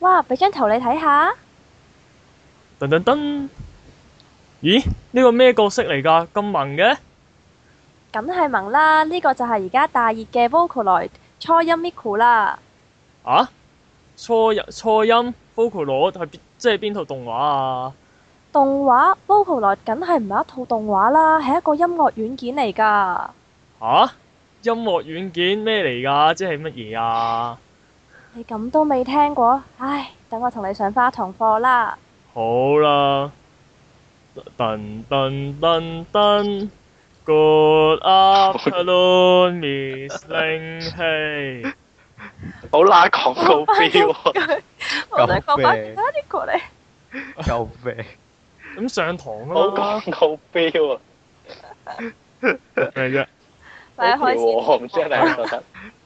哇！俾張圖你睇下。噔噔噔！咦？呢個咩角色嚟噶？咁萌嘅？梗係萌啦！呢、這個就係而家大熱嘅 Vocaloid 初音 Miku 啦。啊？初音初音 Vocaloid 係即係邊套動畫啊？動畫 Vocaloid 梗係唔係一套動畫啦、啊，係一,一個音樂軟件嚟噶。啊？音樂軟件咩嚟噶？即係乜嘢啊？你咁都未聽過？唉，等我同你上花堂課啦。好啦，噔噔噔噔，Good afternoon, Miss Ling He。好啦廣告標，救命！快啲過嚟，救命！咁上堂咯，好廣告標啊！嚟呀，嚟開心。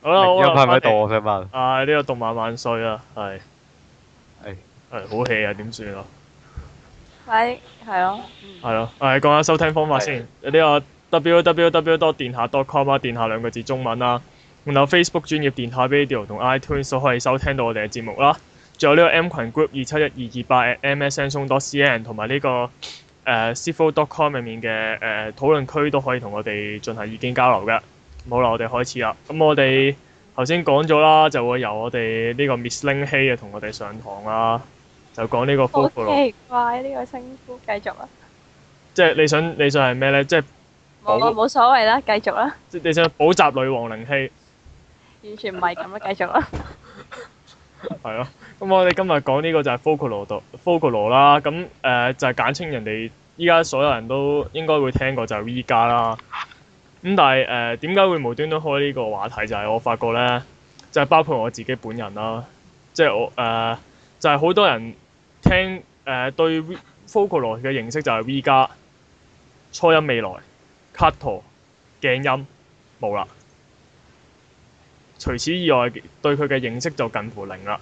好啦，好，我呢個動漫萬歲啊，係、這個。係。係、哎、好氣啊，點算啊？喂、哎，係、哎、咯。係咯、嗯，誒，講下收聽方法、哎、先。呢、這個 www 多電下 .com 啊，電下兩個字中文啦、啊。然後 Facebook 專業電下頻道同 iTunes 都可以收聽到我哋嘅節目啦、啊。仲有呢個 M 群 group 二七一二二八 msnson.com 同埋呢個誒、呃、cfo.com 入面嘅誒討論區都可以同我哋進行意見交流嘅。好啦，我哋開始啦。咁、嗯、我哋。頭先講咗啦，就會由我哋呢個 Miss Ling He 啊，同我哋上堂啦，就講呢個 folklore，奇怪呢個稱呼繼續啊。即係你想，你想係咩咧？即係冇所謂啦，繼續啦。即你想補習女王靈氣？完全唔係咁啊！繼續啦。係啊，咁我哋今日講呢個就係 folklore 度 folklore 啦，咁、呃、誒就係、是、簡稱人哋依家所有人都應該會聽過就係 V 家啦。咁但係誒點解會無端端開呢個話題？就係、是、我發覺咧，就係、是、包括我自己本人啦，即係我誒，就係、是、好、呃就是、多人聽誒、呃、對 Vocaloid 嘅認識就係 V 家初音未來、KAITO 鏡音冇啦。除此以外，對佢嘅認識就近乎零啦。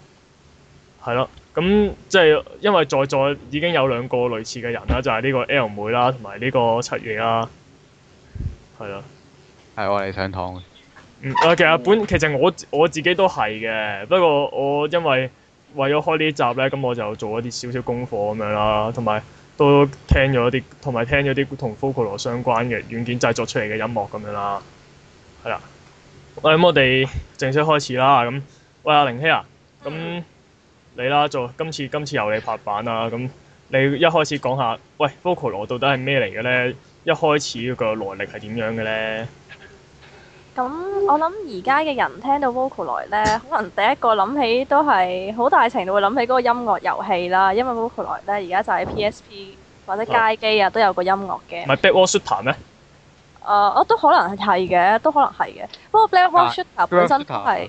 係咯，咁即係因為在座已經有兩個類似嘅人啦，就係、是、呢個 L 妹啦，同埋呢個七月啦。係咯，係我哋上堂嗯，啊，其實本其實我我自己都係嘅，不過我因為為咗開呢一集咧，咁我就做一啲少少功課咁樣啦，同埋都聽咗一啲，同埋聽咗啲同 Vocaloid 相關嘅軟件製作出嚟嘅音樂咁樣啦。係啦，喂、嗯，咁我哋正式開始啦。咁，喂，阿玲希啊，咁、嗯、你啦做今次今次由你拍板啊。咁你一開始講下，喂，Vocaloid 到底係咩嚟嘅咧？一開始嗰個來歷係點樣嘅咧？咁、嗯、我諗而家嘅人聽到 Vocaloid 咧，可能第一個諗起都係好大程度會諗起嗰個音樂遊戲啦，因為 Vocaloid 咧而家就喺 PSP 或者街機啊、哦、都有個音樂嘅。唔係 Black Rock Shooter 咩？誒，我都可能係嘅，都可能係嘅。不過 Black Rock Shooter、啊、本身都係。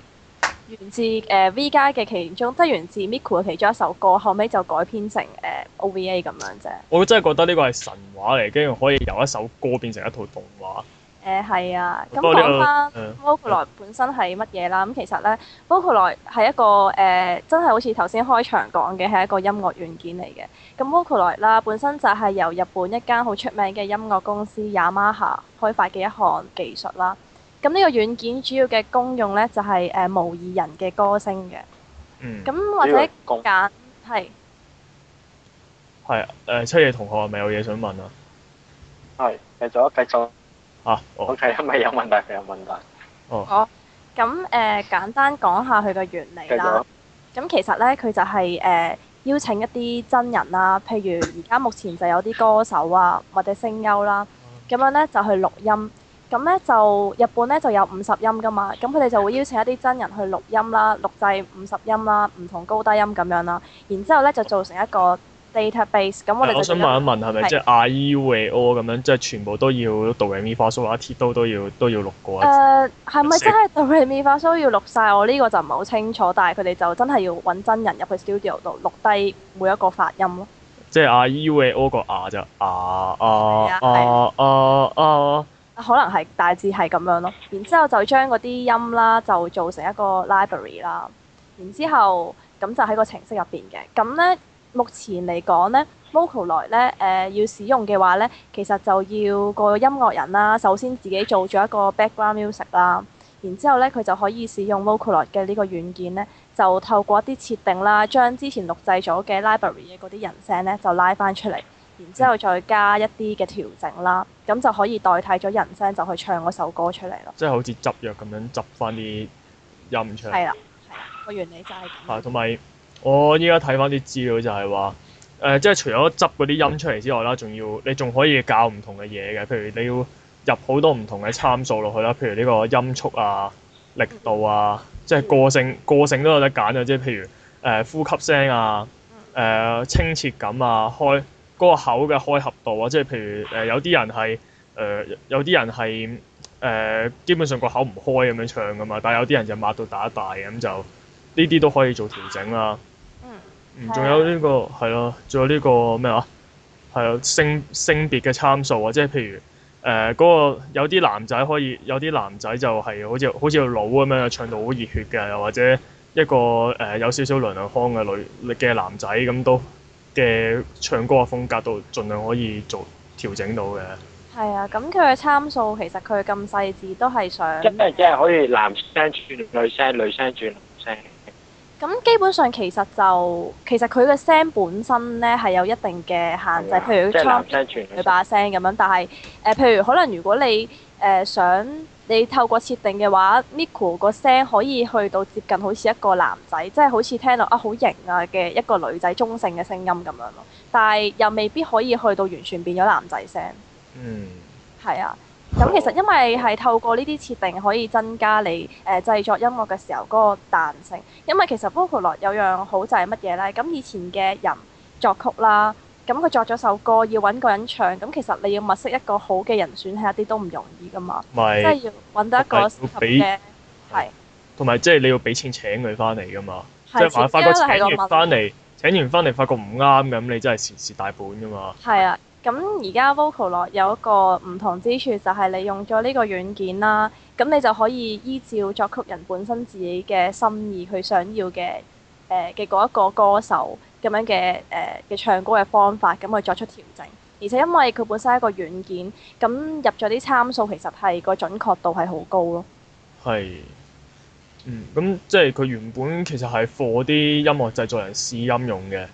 源自誒、呃、V 家嘅其中，即係源自 Miku 嘅其中一首歌，後尾就改編成誒、呃、OVA 咁樣啫。我真係覺得呢個係神話嚟，嘅，可以由一首歌變成一套動畫。誒係、呃、啊，咁講返 Vocaloid 本身係乜嘢啦？咁、嗯、其實咧，Vocaloid 係一個誒、呃、真係好似頭先開場講嘅，係一個音樂軟件嚟嘅。咁 Vocaloid 啦，本身就係由日本一間好出名嘅音樂公司雅馬哈開發嘅一項技術啦。咁呢個軟件主要嘅功用咧，就係誒模擬人嘅歌聲嘅。嗯。咁或者揀係。係誒、呃，七夜同學係咪有嘢想問啊？係，繼續啊，繼續。繼續啊，我睇係咪有問題，係有問題。問題哦。哦。咁誒、呃，簡單講下佢嘅原理啦。繼續。咁其實咧，佢就係、是、誒、呃、邀請一啲真人啦，譬如而家目前就有啲歌手啊，或者聲優啦，咁樣咧就、嗯、去錄音。咁咧就日本咧就有五十音㗎嘛，咁佢哋就會邀請一啲真人去錄音啦，錄製五十音啦，唔同高低音咁樣啦，然之後咧就做成一個 database，嗯。咁我我想問一問係咪即係牙 e w a o 咁樣？即係全部都要讀嘅咪發聲啦，鐵刀都要都要錄過一次。誒係咪真係讀嘅咪發聲要錄晒？我呢個就唔係好清楚，但係佢哋就真係要搵真人入去 studio 度錄低每一個發音咯。即係牙 e w a o 個牙就牙啊啊啊啊。是可能係大致係咁樣咯，然之後就將嗰啲音啦，就做成一個 library 啦，然之後咁就喺個程式入邊嘅。咁呢，目前嚟講呢 m o c o 來咧，誒、呃、要使用嘅話呢，其實就要個音樂人啦，首先自己做咗一個 background music 啦，然之後呢，佢就可以使用 Moco 來嘅呢個軟件呢，就透過一啲設定啦，將之前錄製咗嘅 library 嘅嗰啲人聲呢，就拉翻出嚟。然之後再加一啲嘅調整啦，咁就可以代替咗人聲，就去唱嗰首歌出嚟咯。即係好似執藥咁樣執翻啲音出嚟。係啦，係啦，個原理就係咁。係同埋我依家睇翻啲資料就，就係話誒，即係除咗執嗰啲音出嚟之外啦，仲要你仲可以教唔同嘅嘢嘅，譬如你要入好多唔同嘅參數落去啦，譬如呢個音速啊、力度啊，嗯、即係個性、嗯、個性個性都有得揀嘅，即係譬如誒、呃、呼吸聲啊、誒、呃、清澈感啊、嗯、開。嗰個口嘅開合度啊，即係譬如誒、呃、有啲人係誒、呃、有啲人係誒、呃、基本上個口唔開咁樣唱㗎嘛，但係有啲人就擘到打大咁，就呢啲都可以做調整啦。嗯。仲有呢、這個係咯，仲有呢個咩啊？係咯、這個啊，性性別嘅參數啊，即係譬如誒嗰、呃那個有啲男仔可以，有啲男仔就係好似好似老咁樣唱到好熱血嘅，又或者一個誒、呃、有少少娘娘腔嘅女嘅男仔咁都嘅唱歌嘅風格度盡量可以做調整到嘅。係啊，咁佢嘅參數其實佢咁細緻都係想。即係即係可以男聲轉女聲，女聲轉男聲。咁基本上其實就其實佢嘅聲本身咧係有一定嘅限制，啊、譬如即係男聲轉女聲，佢把聲咁樣，但係誒、呃，譬如可能如果你誒想。你透過設定嘅話，Miku 個聲可以去到接近好似一個男仔，即係好似聽落啊好型啊嘅一個女仔中性嘅聲音咁樣咯。但係又未必可以去到完全變咗男仔聲。嗯，係啊。咁其實因為係透過呢啲設定可以增加你誒、呃、製作音樂嘅時候嗰個彈性。因為其實 Vocaloid 有樣好就係乜嘢咧？咁以前嘅人作曲啦。咁佢、嗯、作咗首歌，要揾個人唱。咁、嗯、其實你要物色一個好嘅人選，係一啲都唔容易噶嘛。即係的要揾到一個適合嘅。同埋即係你要俾錢請佢翻嚟噶嘛？的即係反覺請完翻嚟，請完翻嚟發覺唔啱咁，你真係蝕蝕大本噶嘛？係啊，咁而家 Vocaloid 有一個唔同之處就係、是、你用咗呢個軟件啦，咁你就可以依照作曲人本身自己嘅心意，佢想要嘅誒嘅嗰一個歌手。咁樣嘅誒嘅唱歌嘅方法，咁去作出調整，而且因為佢本身係一個軟件，咁入咗啲參數，其實係個準確度係好高咯。係，嗯，咁即係佢原本其實係 for 啲音樂製作人試音用嘅。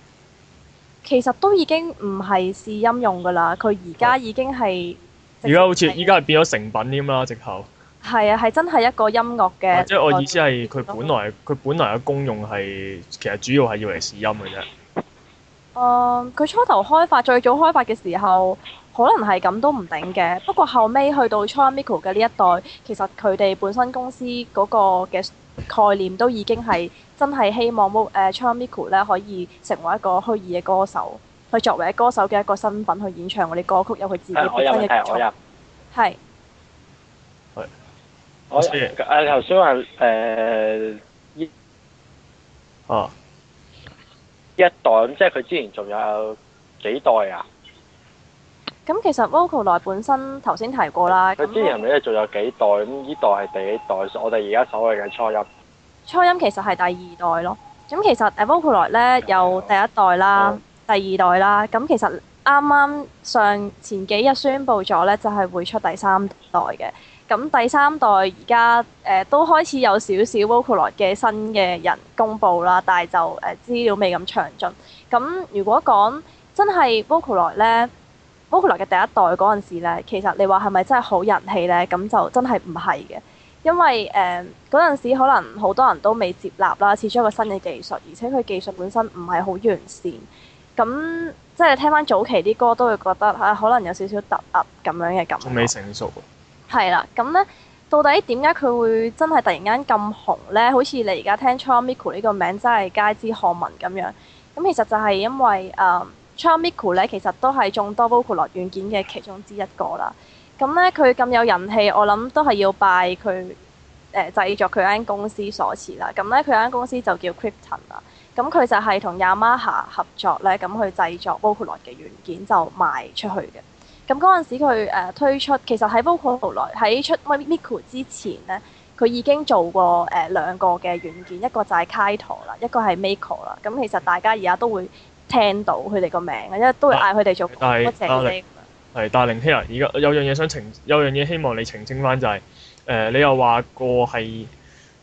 其實都已經唔係試音用㗎啦，佢而家已經係。而家好似依家係變咗成品添啦，直頭。係啊，係真係一個音樂嘅、啊。即係我意思係佢、嗯、本來佢本來嘅功用係其實主要係要嚟試音嘅啫。 誒佢、uh, 初頭開發、最早開發嘅時候，可能係咁都唔定嘅。不過後尾去到初音 Miku 嘅呢一代，其實佢哋本身公司嗰個嘅概念都已經係真係希望初音 Miku 咧可以成為一個虛擬嘅歌手，去作為歌手嘅一個身份去演唱我哋歌曲，有佢自己嘅新嘅歌曲。係。我入係先誒，你一代咁，即係佢之前仲有幾代啊？咁其實 Vocaloid 本身頭先提過啦。佢、嗯、之前咧仲有幾代，咁呢代係第幾代？我哋而家所謂嘅初音。初音其實係第二代咯。咁其實誒、e、Vocaloid 咧、嗯、有第一代啦、嗯、第二代啦。咁其實啱啱上前幾日宣布咗咧，就係會出第三代嘅。咁第三代而家誒都開始有少少 Vocaloid 嘅新嘅人公布啦，但係就誒、呃、資料未咁詳盡。咁、嗯、如果講真係 Vocaloid 咧，Vocaloid 嘅第一代嗰陣時咧，其實你話係咪真係好人氣咧？咁就真係唔係嘅，因為誒嗰陣時可能好多人都未接納啦，始終有個新嘅技術，而且佢技術本身唔係好完善。咁、嗯、即係聽翻早期啲歌都會覺得啊，可能有少少突兀咁樣嘅感覺，都未成熟。係啦，咁咧、嗯、到底點解佢會真係突然間咁紅咧？好似你而家聽初音 Miku 呢個名真係皆知漢文咁樣。咁、嗯、其實就係因為誒初音 Miku 咧，其實都係眾多 Vocaloid 軟件嘅其中之一個啦。咁咧，佢咁有人氣，我諗都係要拜佢誒、呃、製作佢間公司所賜啦。咁咧，佢間公司就叫 Crypton 啦。咁、嗯、佢就係同 Yamaha 合作咧，咁、嗯、去製作 Vocaloid 嘅軟件就賣出去嘅。咁嗰陣時，佢、呃、誒推出，其實喺 Vocal 後來喺出 Miku 之前咧，佢已經做過誒、呃、兩個嘅軟件，一個就係 Kaito 啦，一個係 Meiko 啦。咁、嗯、其實大家而家都會聽到佢哋個名，因為都會嗌佢哋做課程嘅。但係阿聽啊！而家有樣嘢想澄清，有樣嘢希望你澄清翻就係、是、誒、呃，你又話過係，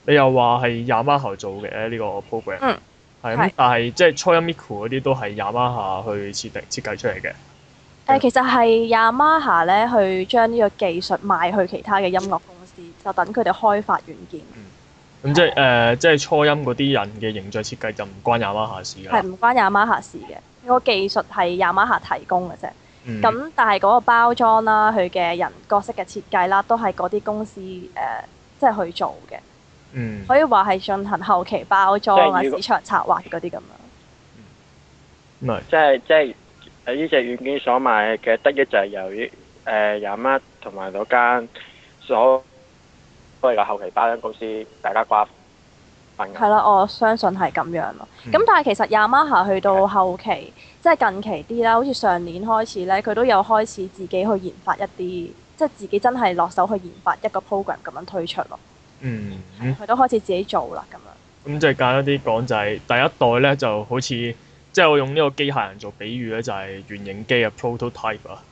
你又話係 Yamaha 做嘅呢、這個 program 嗯。嗯，係是。但係。即、就、係、是。初音 Miku 係。u 係。係。係。係。係。係。係。係。係。係。係。係。係。係。係。誒，其實係雅馬哈咧，去將呢個技術賣去其他嘅音樂公司，就等佢哋開發軟件。咁即係誒，即係初音嗰啲人嘅形象設計就唔關雅馬哈事啦。係唔關雅馬哈事嘅，個技術係雅馬哈提供嘅啫。咁但係嗰個包裝啦，佢嘅人角色嘅設計啦，都係嗰啲公司誒，即係去做嘅。嗯，可以話係進行後期包裝啊、是市場策劃嗰啲咁樣。唔係，即係即係。就是誒，呢隻軟件所賣嘅得益，就係由於誒亞馬同埋嗰間所，即係個後期包裝公司大家瓜分。係啦，我相信係咁樣咯。咁、嗯、但係其實亞馬哈去到後期，是即係近期啲啦，好似上年開始咧，佢都有開始自己去研發一啲，即係自己真係落手去研發一個 program 咁樣推出咯、嗯。嗯，佢都開始自己做啦咁樣。咁、嗯嗯、即係揀一啲港仔，第一代咧就好似。即係我用呢個機械人做比喻咧，就係、是、原型機啊，prototype 啊。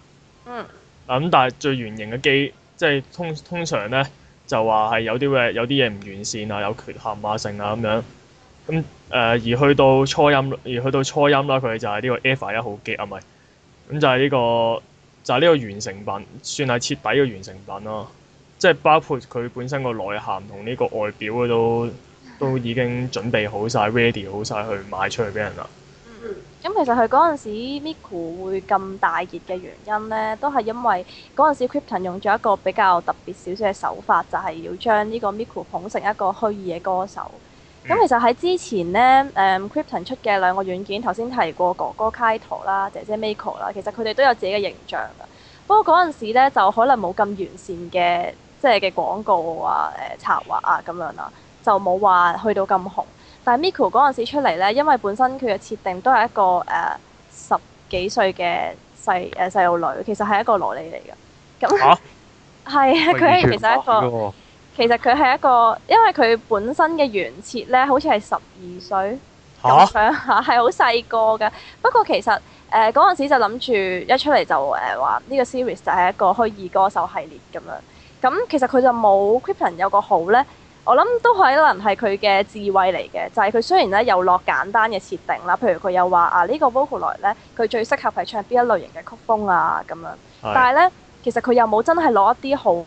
嗯。咁、嗯、但係最原型嘅機，即係通通常咧就話係有啲嘅有啲嘢唔完善啊，有缺陷啊，性啊咁樣。咁、嗯、誒、呃，而去到初音，而去到初音啦，佢就係呢個 Ever 一號機啊，係咪？咁就係呢、這個就係、是、呢個完成品，算係徹底嘅完成品咯、啊。即係包括佢本身個內涵同呢個外表都都已經準備好晒 ready 好晒去賣出去俾人啦。咁其實佢嗰陣時 Miku 會咁大熱嘅原因呢，都係因為嗰陣時 Crypton 用咗一個比較特別少少嘅手法，就係、是、要將呢個 Miku 捧成一個虛擬嘅歌手。咁、嗯、其實喺之前呢誒 Crypton、嗯、出嘅兩個軟件，頭先提過哥哥 Kaito 啦，姐姐 Miko 啦，其實佢哋都有自己嘅形象噶。不過嗰陣時咧，就可能冇咁完善嘅即係嘅廣告啊、誒、呃、策劃啊咁樣啦，就冇話去到咁紅。但係 Miku 嗰陣時出嚟咧，因為本身佢嘅設定都係一個誒、呃、十幾歲嘅細誒細路女，其實係一個蘿莉嚟嘅。咁係啊，佢係 其實一個，其實佢係一個，因為佢本身嘅原設咧，好似係十二歲咁樣下，係好細個嘅。不過其實誒嗰陣時就諗住一出嚟就誒話呢個 series 就係一個虛擬歌手系列咁樣。咁其實佢就冇 Crypton 有，有個好咧。我諗都可能係佢嘅智慧嚟嘅，就係、是、佢雖然咧有落簡單嘅設定啦，譬如佢又話啊、這個、呢個 Vocaloid 咧，佢最適合係唱邊一類型嘅曲風啊咁樣，是但係呢，其實佢又冇真係攞一啲好誒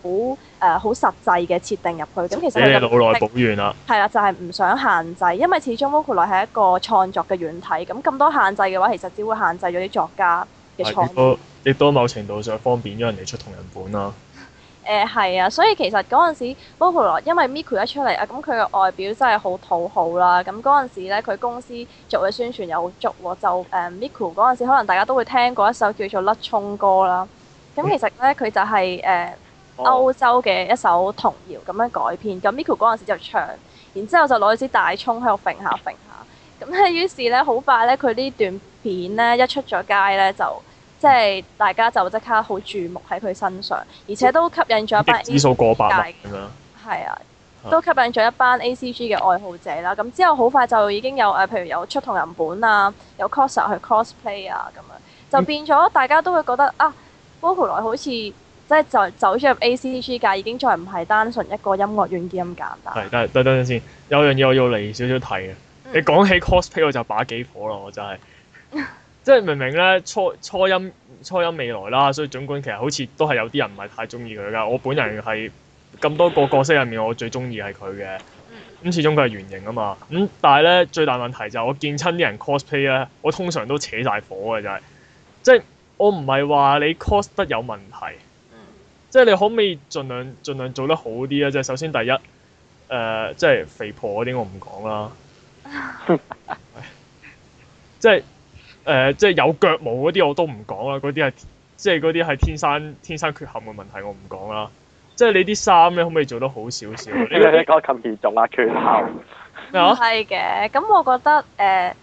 好實際嘅設定入去。咁其實你老來補完啦。係啊，就係、是、唔想限制，因為始終 Vocaloid 係一個創作嘅軟體，咁咁多限制嘅話，其實只會限制咗啲作家嘅創意。亦都亦都某程度上方便咗人哋出同人本啦。誒係、嗯、啊，所以其實嗰陣時，包括因為 Miku 一出嚟啊，咁佢嘅外表真係好討好啦。咁嗰陣時咧，佢公司做嘅宣傳又好足喎。就誒、嗯、Miku 嗰陣時，可能大家都會聽過一首叫做《甩蔥歌》啦。咁其實咧，佢就係、是、誒、呃哦、歐洲嘅一首童謠咁樣改編。咁 Miku 嗰陣時就唱，然之後就攞支大葱喺度揈下揈下。咁咧，於是咧，好快咧，佢呢段片咧一出咗街咧就～即係大家就即刻好注目喺佢身上，而且都吸引咗一班指數過百萬咁樣嘅，係啊，都吸引咗一班 A C G 嘅愛好者啦。咁之後好快就已經有誒，譬如有出同人本啊，有 coser 去 cosplay 啊，咁樣就變咗大家都會覺得、嗯、啊，波普萊好似即係就走咗入 A C G 界，已經再唔係單純一個音樂軟件咁簡單。係，但等等陣先，有樣嘢我要嚟少少睇啊。嗯、你講起 cosplay 我就把幾火啦，我真係。 即係明明咧，初初音初音未來啦，所以總管其實好似都係有啲人唔係太中意佢㗎。我本人係咁多個角色入面，我最中意係佢嘅。咁始終佢係原型啊嘛。咁但係咧，最大問題就係我見親啲人 cosplay 咧，我通常都扯大火嘅就係、是，即係我唔係話你 cos 得有問題。即係你可唔可以盡量盡量做得好啲啊？即係首先第一，誒、呃、即係肥婆嗰啲我唔講啦。 哎、即係。誒、呃，即係有腳毛嗰啲我都唔講啦，嗰啲係即係啲係天生天生缺陷嘅問題，我唔講啦。即係你啲衫咧，可唔可以做得好少少？呢唔係咁嚴重啊，缺陷。 唔係嘅，咁我覺得誒，呃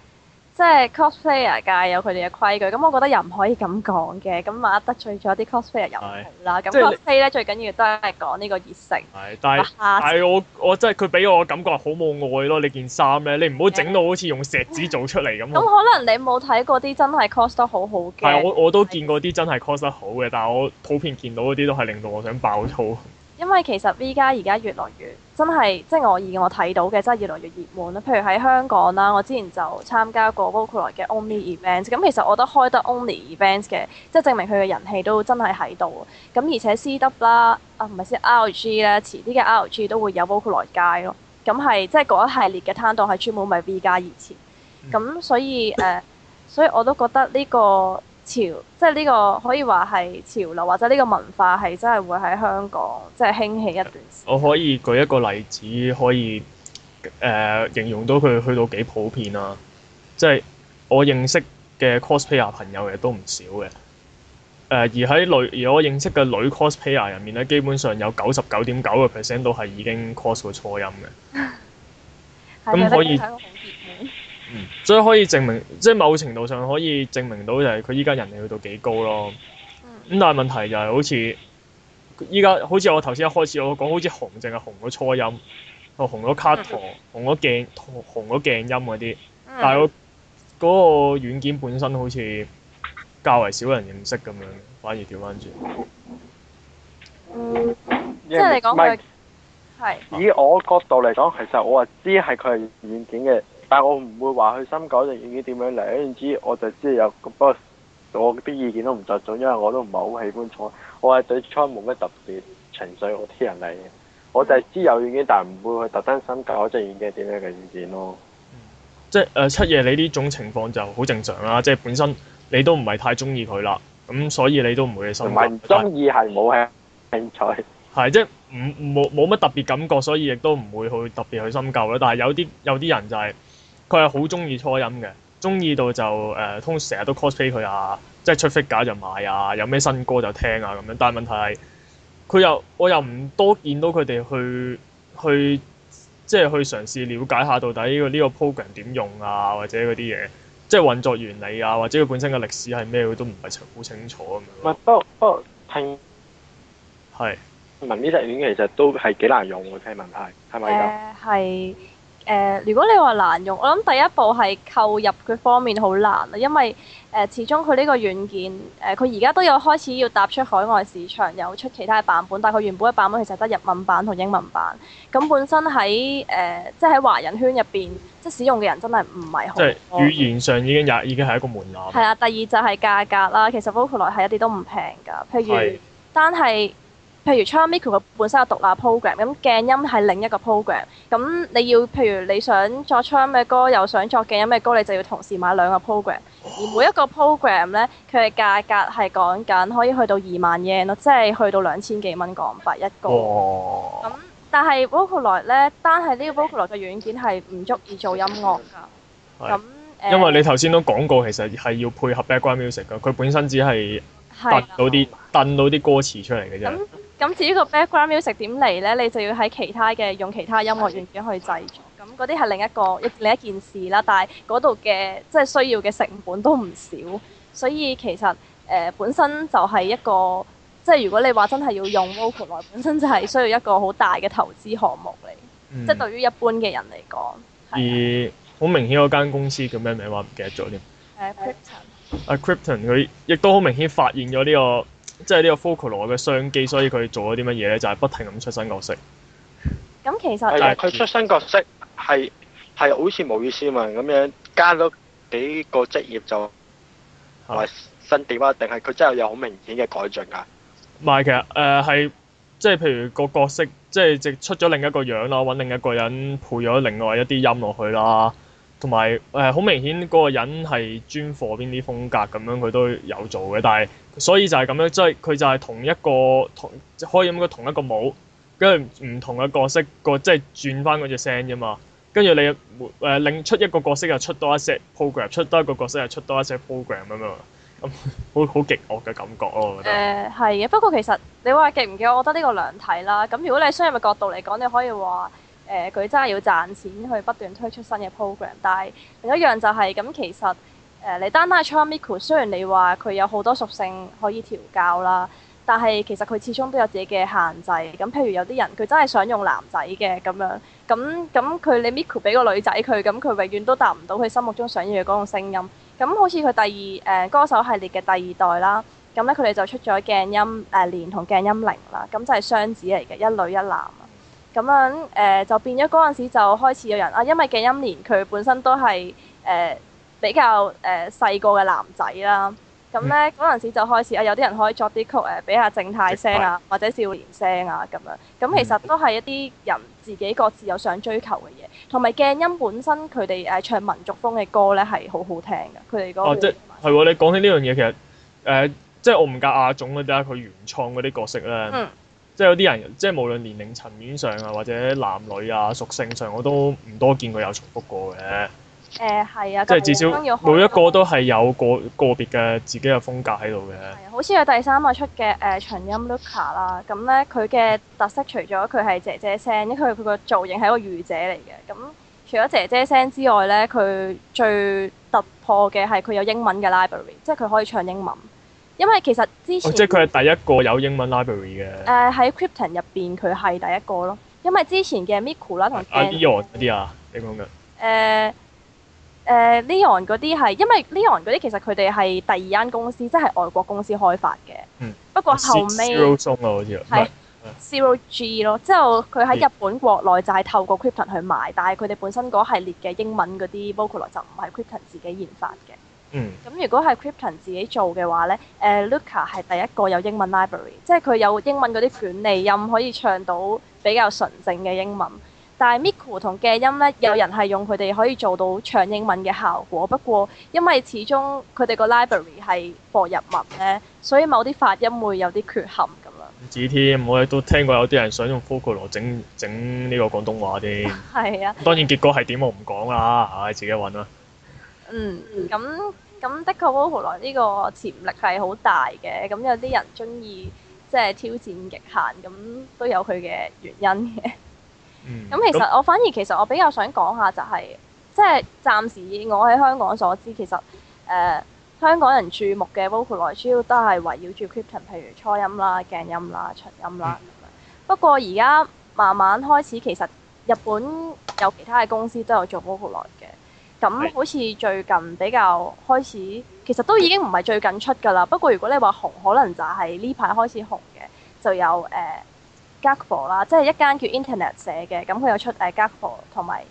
即係 cosplayer 界有佢哋嘅規矩，咁我覺得又唔可以咁講嘅，咁萬一得罪咗啲 cosplayer 又唔好啦。咁 cosplay 咧，最緊要都係講呢個熱誠。係，但係但我我真係佢俾我感覺好冇愛咯。你件衫咧，你唔好整到好似用石紙做出嚟咁。咁 可能你冇睇過啲真係 cos 得好好嘅。係，我我都見過啲真係 cos 得好嘅，但係我普遍見到嗰啲都係令到我想爆粗。 因為其實 V 家而家越來越真係，即係我以我睇到嘅，真係越來越熱門啦。譬如喺香港啦，我之前就參加過 Vocaloid 嘅 Only Events。咁其實我覺得開得 Only Events 嘅，即係證明佢嘅人氣都真係喺度。咁而且 CW 啦啊，唔係先 RG 咧，R G，遲啲嘅 RG 都會有 Vocaloid 街咯。咁係即係嗰一系列嘅攤檔係專門咪 V 家熱潮。咁、嗯、所以誒、呃，所以我都覺得呢、這個。潮即係呢個可以話係潮流，或者呢個文化係真係會喺香港即係興起一段時間。我可以舉一個例子，可以誒、呃、形容到佢去到幾普遍啦、啊。即係我認識嘅 cosplayer 朋友其實都唔少嘅。誒、呃、而喺女而我認識嘅女 cosplayer 入面咧，基本上有九十九點九個 percent 都係已經 cos 過初音嘅。咁可以。嗯、所以可以證明，即、就、係、是、某程度上可以證明到就係佢依家人氣去到幾高咯。咁、嗯、但係問題就係好似依家，好似我頭先一開始我講，好似紅淨係紅咗初音，紅咗卡託，嗯、紅咗鏡，紅鏡紅咗鏡音嗰啲。嗯、但係嗰、嗰個軟件本身好似較為少人認識咁樣，反而調返轉。即係你講，佢、嗯嗯、是以我角度嚟講，其實我係知係佢係軟件嘅。但係我唔會話去深究隻軟件點樣嚟，我知我就知有。不過我啲意見都唔集中，因為我都唔係好喜歡穿，我係對穿冇乜特別情緒嗰啲人嚟嘅。我就係知有軟件，但係唔會去特登深究隻軟件點樣嘅意見咯。即係誒七夜，呃、你呢種情況就好正常啦。即係本身你都唔係太中意佢啦，咁所以你都唔會去深究。唔係中意係冇興趣。係是 即係冇冇乜特別感覺，所以亦都唔會去特別去深究咯。但係有啲有啲人就係、是。佢係好中意初音嘅，中意到就誒、呃，通成日都 cosplay 佢啊，即係出 figure 架就買啊，有咩新歌就聽啊咁樣。但係問題係，佢又我又唔多見到佢哋去去即係去嘗試了解下到底呢個 program 點用啊，或者嗰啲嘢，即係運作原理啊，或者佢本身嘅歷史係咩，佢都唔係好清楚咁。唔係，不過，不過聽係文呢隻軟件其實都係幾難用嘅，係、呢個、問題係咪㗎？係誒、呃，如果你話難用，我諗第一步係購入佢方面好難啦，因為誒、呃、始終佢呢個軟件誒，佢而家都有開始要踏出海外市場，有出其他版本，但係佢原本嘅版本其實得日文版同英文版。咁本身喺誒、呃，即係喺華人圈入邊，即使用嘅人真係唔係好多，即語言上已經已經係一個門檻。係啊，第二就係價格啦，其實 VOCALOID 係一啲都唔平㗎，譬如單係。譬如初音 Miku 佢本身有獨立 program，咁鏡音係另一個 program。咁你要譬如你想作初音嘅歌，又想作鏡音嘅歌，你就要同時買兩個 program。而每一個 program 咧，佢嘅價格係講緊可以去到二萬 yen 咯，即係去到兩千幾蚊港幣一個。哦。咁但係 Vocaloid 咧，單係呢個 Vocaloid 嘅軟件係唔足以做音樂㗎。咁誒。因為你頭先都講過，其實係要配合 background music 㗎。佢本身只係掟到啲掟到啲歌詞出嚟嘅啫。咁至於個 background music 點嚟呢？你就要喺其他嘅，用其他音樂軟件去製作，咁嗰啲係另一個另一件事啦。但係嗰度嘅即係需要嘅成本都唔少，所以其實誒本身就係一個即係如果你話真係要用 Vocaloid，本身就係需要一個好大嘅投資項目嚟，嗯、即係對於一般嘅人嚟講。而好吧明顯，嗰間公司叫咩名？話唔記得咗添。誒，Crypton。誒，Crypton 佢亦都好明顯發現咗呢、呢個。即係呢個 focal 落嘅商機，所以佢做咗啲乜嘢咧？就係、是、不停咁出新角色。咁其實、就是，佢、啊、出新角色係係好似冇意思嘛？咁樣加咗幾個職業就係新點啊？定係佢真係有好明顯嘅改進啊？唔係、啊，其實誒係、呃、即係譬如個角色，即係直出咗另一個樣啦，搵另一個人配咗另外一啲音落去啦，同埋誒好明顯嗰個人係專課邊啲風格咁樣，佢都有做嘅，但係。所以就係咁樣，即係佢就係、是、同一個同開咁嘅同一個舞，跟住唔同嘅角色，就是、轉個即係轉翻嗰隻聲啫嘛。跟住你誒、呃、領出一個角色又出多一 set program，出多一個角色又出多一 set program 咁樣，咁好好極惡嘅感覺咯，我覺得、呃。誒係嘅，不過其實你話極唔極，我覺得呢個兩體啦。咁如果你係商業嘅角度嚟講，你可以話誒佢真係要賺錢去不斷推出新嘅 program 但。但係另一樣就係、是、咁，其實。誒，你單單 Miku，雖然你話佢有好多屬性可以調教啦，但係其實佢始終都有自己嘅限制。咁譬如有啲人，佢真係想用男仔嘅咁樣，咁咁佢你 Miku 俾個女仔佢，咁佢永遠都答唔到佢心目中想要嘅嗰種聲音。咁好似佢第二誒、呃、歌手系列嘅第二代啦，咁咧佢哋就出咗鏡音誒連同鏡音鈴啦，咁就係雙子嚟嘅，一女一男。咁樣誒就變咗嗰陣時就開始有人啊，因為鏡音連佢本身都係誒。呃比較誒細個嘅男仔啦，咁咧嗰陣時就開始啊，有啲人可以作啲曲誒，俾下正太聲啊，派或者少年聲啊咁樣。咁其實都係一啲人自己各自有想追求嘅嘢，同埋鏡音本身佢哋誒唱民族風嘅歌咧係好好聽嘅。佢哋個即係、嗯、你講起呢樣嘢其實誒、呃，即係我唔夾亞種嗰啲佢原創嗰啲角色咧、嗯，即係有啲人即係無論年齡層面上啊，或者男女啊，屬性上我都唔多見過有重複過嘅。誒係、嗯、啊，至少每一個都係有個個別嘅自己嘅風格喺度嘅。係啊，好似第三個出嘅誒巡音 Luka 啦、啊，咁咧佢嘅特色除咗佢係姐姐聲，佢佢個造型係一個御姐嚟嘅。咁、啊、除咗姐姐聲之外咧，佢最突破嘅係佢有英文嘅 library，即係佢可以唱英文。因為其實之前、哦、即係佢係第一個有英文 library 嘅。誒喺 Krypton 入邊，佢係第一個咯。因為之前嘅 Miku 啦同阿 Dior，嗰啲你講嘅誒。呃誒 Leon 嗰啲係，因為 Leon 嗰啲其實佢哋係第二間公司，即係外國公司開發嘅。不過後尾 Zero G 咯，好似係。Zero G 咯，之後佢喺日本國內就係透過 Crypton 去賣，但係佢哋本身嗰系列嘅英文嗰啲 Vocal 就唔係 Crypton 自己研發嘅。咁如果係 Crypton 自己做嘅話呢，誒 Luka 係第一個有英文 library，即係佢有英文嗰啲捲脷音可以唱到比較純正嘅英文。但係 Miku 同嘅音咧，有人係用佢哋可以做到唱英文嘅效果。不過因為始終佢哋個 library 係日文咧，所以某啲發音會有啲缺陷咁樣。唔知添，我哋都聽過有啲人想用 Vocaloid 整整呢個廣東話啲。係啊。當然結果係點我唔講啦，唉，自己揾啦。嗯，咁咁的確 Vocaloid 呢個潛力係好大嘅。咁有啲人中意即係挑戰極限，咁都有佢嘅原因嘅。咁、嗯嗯、其實我反而其實我比較想講下就係、是，即、就、係、是、暫時我喺香港所知。其實誒、呃、香港人注目嘅 Vocaloid 主要都係圍繞住 Crypton，譬如初音啦、鏡音啦、巡音啦。嗯、不過而家慢慢開始，其實日本有其他嘅公司都有做 Vocaloid 嘅。咁好似最近比較開始，其實都已經唔係最近出㗎啦。不過如果你話紅，可能就係呢排開始紅嘅，就有誒。呃 Gakpo 啦，即係一間叫 Internet 社嘅，咁佢有出誒 Gakpo 同埋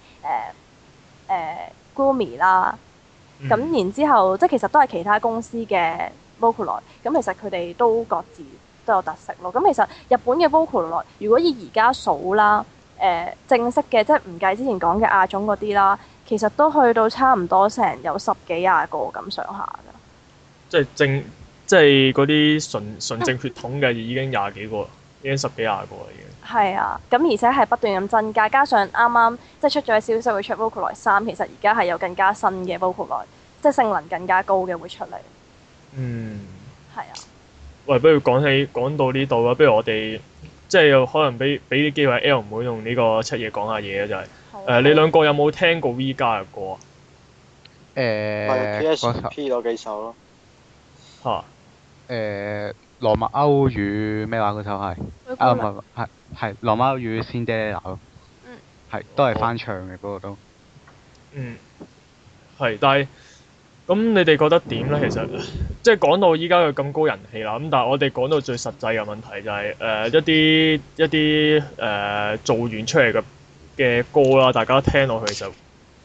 誒誒 Gumi 啦。咁然之後，即係其實都係其他公司嘅 Vocaloid。咁其實佢哋都各自都有特色咯。咁其實日本嘅 Vocaloid，如果以而家數啦，誒正式嘅，即係唔計之前講嘅亞種嗰啲啦，其實都去到差唔多成有十幾廿個咁上下㗎。即係正，即係嗰啲純純正血統嘅已經廿幾個。 已經十幾廿個啦，已經。係啊，咁而且係不斷咁增加，加上啱啱即係出咗嘅消息會出 Vocaloid 三，其實而家係有更加新嘅 Vocaloid 即係性能更加高嘅會出嚟。嗯。係啊。喂，不如講起講到呢度啦，不如我哋即係有可能俾俾啲機會 L 唔會用呢個七嘢講下嘢、就係、啊，就係誒，你兩個有冇聽過 V 加嘅歌啊？誒、欸。P S 到幾首咯。吓，誒。羅密歐語，咩話？嗰首係啊？唔係，係係羅密歐語《先爹乸》咯，係、嗯、都係翻唱嘅嗰、那個都，嗯，係，但係咁你哋覺得點咧？其實即係講到依家嘅咁高人氣啦，咁但係我哋講到最實際嘅問題就係、是、誒、呃、一啲一啲誒、呃、做完出嚟嘅嘅歌啦，大家聽落去就實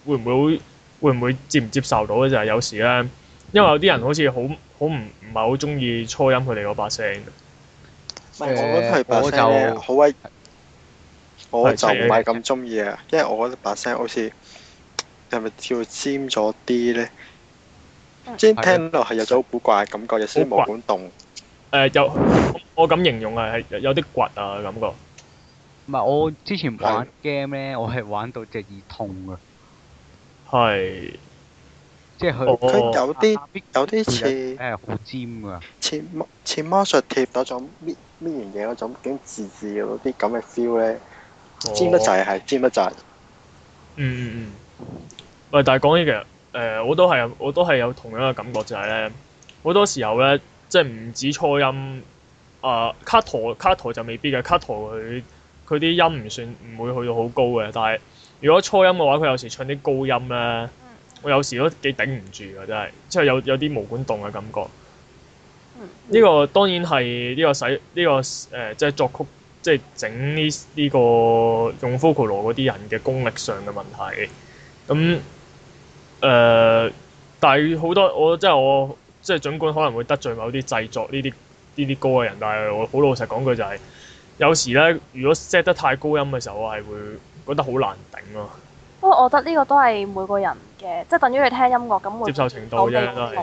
會唔會會唔會接唔接受到咧？就係、是、有時咧。因為有啲人好似好好唔唔係好中意初音佢哋嗰把聲。我覺得佢把聲好威，我就唔係咁中意啊，因為我覺得把聲好似係咪跳尖咗啲咧？尖聽落係有咗古怪嘅感覺，有少少毛管動。誒、欸、有，我咁形容啊，係有啲骨啊感覺。唔係我之前玩 game 咧，我係玩到隻耳痛啊。係。即係佢，oh，有啲有啲似誒好尖㗎，似魔似魔術貼嗰種搣搣完嘢嗰種咁自自嘅啲咁嘅 feel 咧，尖得滯係尖得滯。嗯嗯嗯。喂，但係講起其實誒，我都係我都係有同樣嘅感覺就係、是、咧，好多時候咧，即係唔止初音啊、呃，卡陀卡陀就未必嘅，卡陀佢佢啲音唔算唔會去到好高嘅，但係如果初音嘅話，佢有時唱啲高音咧。我有時都幾頂唔住㗎，真係，即係有有啲毛管戙嘅感覺。呢、這個當然係呢個使呢、這個誒，即、呃、係、就是、作曲，即、就、係、是、整呢、這、呢個用 Vocaloid 嗰啲人嘅功力上嘅問題。咁誒、呃，但係好多我即係、就是、我即係盡管可能會得罪某啲製作呢啲呢啲歌嘅人，但係我好老實講句就係、是，有時咧如果 set 得太高音嘅時候，我係會覺得好難頂咯、啊。不過我覺得呢個都係每個人嘅，即係等於你聽音樂咁接受程度都幾唔同。咁、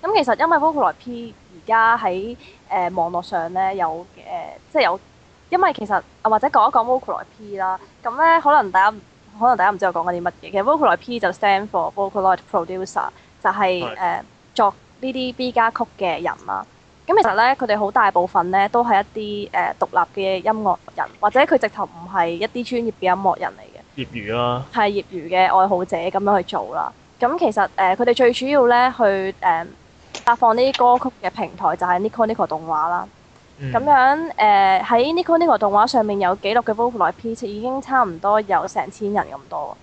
嗯、其實因為 Vocaloid P 而家喺誒網絡上咧有誒、呃，即係有，因為其實或者講一講 Vocaloid P 啦，咁咧可能大家可能大家唔知我講緊啲乜嘢。其實 Vocaloid P 就 stand for Vocaloid Producer，就係、是、誒是、呃、作呢啲 B 加曲嘅人啦。咁、啊、其實咧，佢哋好大部分咧都係一啲誒獨立嘅音樂人，或者佢直頭唔係一啲專業嘅音樂人嚟。業餘啦、啊，係業餘嘅愛好者咁樣去做啦。咁其實誒，佢、呃、哋最主要咧去誒發、呃、放呢啲歌曲嘅平台就係、是、Nico Nico 動畫啦。咁、嗯、樣誒喺、呃、Nico Nico 動畫上面有記錄嘅 Vocaloid Pitch、like，已經差唔多有成千人咁多。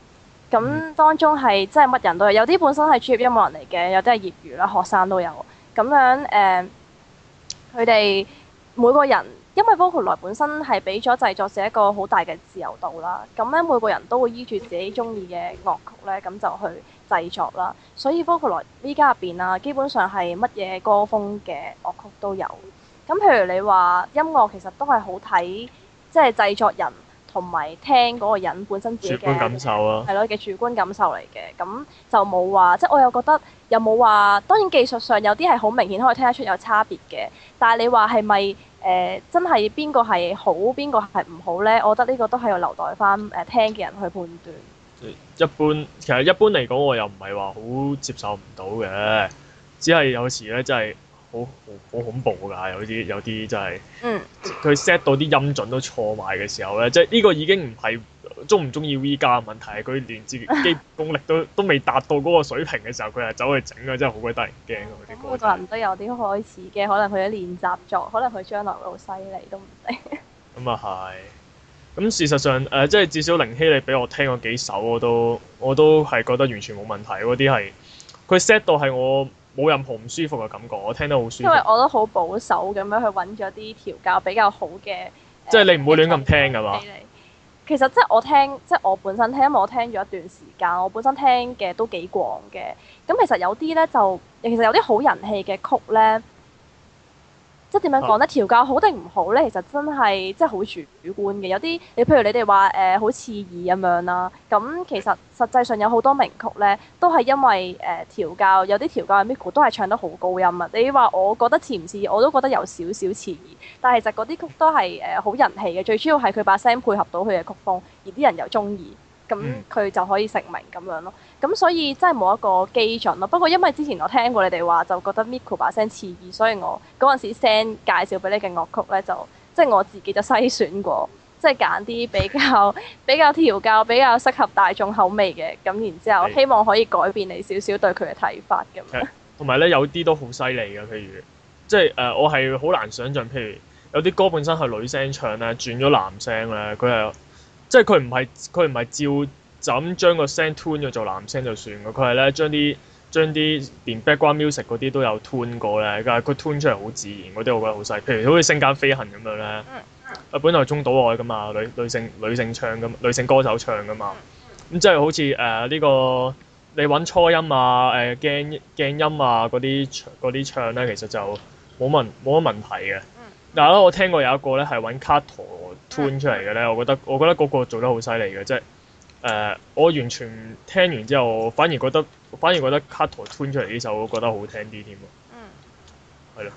咁當中係真係乜人都有，有啲本身係專業音樂人嚟嘅，有啲係業餘啦，學生都有。咁樣誒，佢、呃、哋每個人。因為 Vocaloid 本身係俾咗製作社一個好大嘅自由度啦，咁咧每個人都會依住自己中意嘅樂曲咧，咁就去製作啦。所以 Vocaloid 依家入邊啊，基本上係乜嘢歌風嘅樂曲都有。咁譬如你話音樂其實都係好睇，即係製作人同埋聽嗰個人本身自己嘅感受啊，係咯嘅主觀感受嚟嘅。咁就冇話，即係我又覺得。有冇話？當然技術上有啲係好明顯可以聽得出有差別嘅，但係你話係咪誒真係邊個係好，邊個係唔好呢？我覺得呢個都係要留待翻誒聽嘅人去判斷。一般其實一般嚟講，我又唔係話好接受唔到嘅，只係有時咧就係。真好好恐怖㗎！有啲有啲真係，嗯，佢 set 到啲音準都錯埋嘅時候咧，即係呢個已經唔係中唔中意 V 家嘅問題，係佢連接基本功力都 都未達到嗰個水平嘅時候，佢係走去整嘅，真係好鬼得人驚嘅嗰啲。咁、嗯嗯、人都有啲開始嘅，可能佢係練習作，可能佢將來會好犀利都唔定。咁啊係，咁事實上誒，即、呃、係、就是、至少靈希你俾我聽過幾首，我都我都係覺得完全冇問題喎。啲係佢 set 到係我。冇任何唔舒服嘅感覺，我聽得好舒服。因為我都好保守咁樣去揾咗啲調教比較好嘅。即係你唔會亂咁聽㗎嘛？其實即係我聽，即係我本身聽，因為我聽咗一段時間，我本身聽嘅都幾廣嘅。咁其實有啲呢就，就其實有啲好人氣嘅曲呢。即係點樣講咧？調教好定唔好咧？其實真係即係好主觀嘅。有啲你譬如你哋話誒好刺耳咁樣啦。咁其實實際上有好多名曲咧，都係因為誒、呃、調教有啲調教嘅 Miku 都係唱得好高音啊。你話我覺得刺唔刺耳？我都覺得有少少刺耳。但係其實嗰啲曲都係誒好人氣嘅。最主要係佢把聲配合到佢嘅曲風，而啲人又中意。咁佢、嗯、就可以成名咁樣咯，咁所以真係冇一個基準咯。不過因為之前我聽過你哋話，就覺得 Miku 把聲刺耳，所以我嗰陣時聲介紹俾你嘅樂曲呢，就即係、就是、我自己就篩選過，即係揀啲比較 比較調教、比較適合大眾口味嘅。咁然之後，希望可以改變你少少對佢嘅睇法咁。同埋的 呢，有啲都好犀利嘅，譬如即係誒、呃，我係好難想像，譬如有啲歌本身係女聲唱咧，轉咗男聲咧，佢係。即係佢唔係，佢唔係照就咁將個聲 tune 咗做男聲就算嘅，佢係咧將啲將啲連 background music 嗰啲都有 tune 過咧，但係佢 tune 出嚟好自然，嗰啲我覺得好犀。譬如好似《星間飛行》咁樣咧，啊本來中島愛噶嘛，女女性女性唱噶嘛，女性歌手唱噶嘛，咁即係好似誒呢個，你揾初音啊、誒鏡鏡音啊嗰啲嗰啲唱咧，其實就冇問冇乜問題嘅。嗱，我聽過有一個咧係揾 Carter Tune 出嚟嘅咧，我覺得我覺得嗰個做得好犀利嘅，即係誒我完全聽完之後，反而覺得反而覺得 Carter Tune 出嚟呢首覺得好聽啲添喎。嗯。係咯。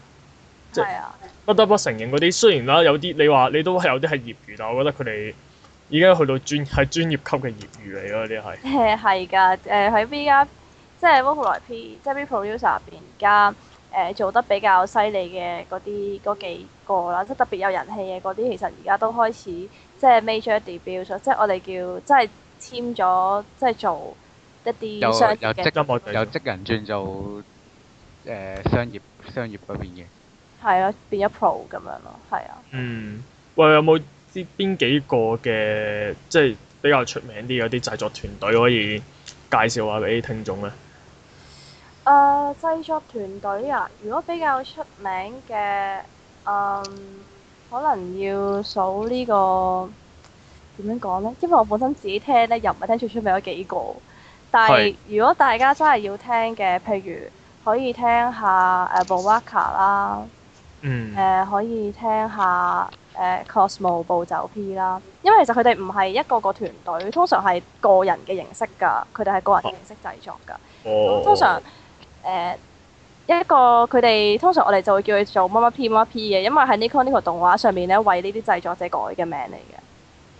係、就是、啊。不得不承認嗰啲雖然啦有啲你話你都係有啲係業餘，但我覺得佢哋已經去到專係專業級嘅業餘嚟咯，嗰啲係。誒係㗎，喺 VR，即係 Work 來 P，即係 Producer 入邊加。呃誒、呃、做得比較犀利嘅嗰啲嗰幾個啦，即係特別有人氣嘅嗰啲，其實而家都開始即係 major debut 咗，即係我哋叫即係簽咗即係做一啲商有有職有職人轉做誒、呃、商業商業嗰邊嘅。係啊，變咗 pro 咁樣咯，係啊。嗯，喂，有冇知邊幾個嘅即係比較出名啲嘅啲製作團隊可以介紹下俾啲聽眾咧？誒製、uh, 作團隊啊，如果比較出名嘅、嗯，可能要數呢、這個點樣講呢？因為我本身自己聽咧，又唔係聽最出，出名嗰幾個。但係是如果大家真係要聽嘅，譬如可以聽下誒、uh, Bo Waka 啦，誒、嗯 uh, 可以聽下誒、uh, Cosmo 暴走 P 啦。因為其實佢哋唔係一個個團隊，通常係個人嘅形式㗎。佢哋係個人嘅形式製作㗎。咁、哦嗯、通常。誒，一個佢哋通常我哋就會叫佢做乜乜 P 乜 P 嘅，因為喺 Niconico 呢個動畫上面咧，為呢啲製作者改嘅名嚟嘅。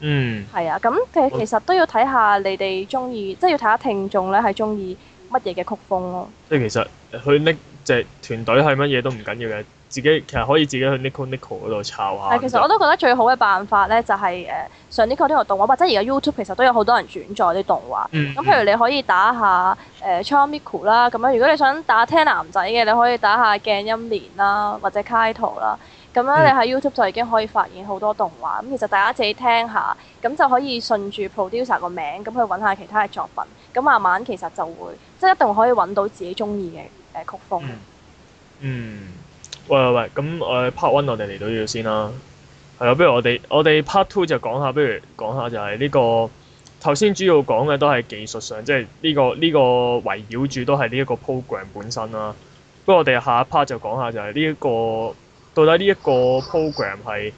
嗯。係啊，咁其實其實都要睇下你哋中意，即係我要睇下聽眾咧係中意乜嘢嘅曲風咯。即係其實佢拎隻團隊係乜嘢都唔緊要嘅。自己其實可以自己去 Nico Nico 嗰度抄下。係，其實我都覺得最好嘅辦法咧，就是，就係誒上 Nico Nico 動畫，或者而家 YouTube 其實都有好多人轉載啲動畫。咁、嗯、譬如你可以打下誒、呃、Chomiku 啦，咁樣如果你想打聽男仔嘅，你可以打下鏡音連啦，或者 Kaito 啦。咁樣你喺 YouTube 就已經可以發現好多動畫。咁、嗯、其實大家自己聽下，咁就可以順住 producer 個名咁去揾下其他嘅作品。咁慢慢其實就會即係一定可以揾到自己中意嘅誒曲風。嗯。嗯。喂喂喂，咁誒 part one 我哋嚟到呢度先啦，係啊，不如我哋我哋 part two 就講下，不如講下就係呢個頭先主要講嘅都係技術上，即係呢個呢個圍繞住都係呢一個 program 本身啦。不過我哋下一 part 就講下就係呢一個到底呢一個 program 係，誒、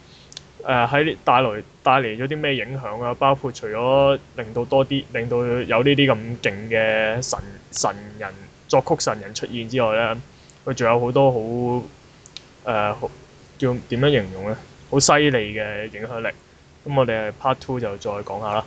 呃、喺帶來帶嚟咗啲咩影響啊？包括除咗令到多啲令到有呢啲咁勁嘅神神人作曲神人出現之外咧，佢仲有好多好。誒，好叫點樣形容咧？好犀利嘅影響力。咁我哋 Part Two 就再講下啦。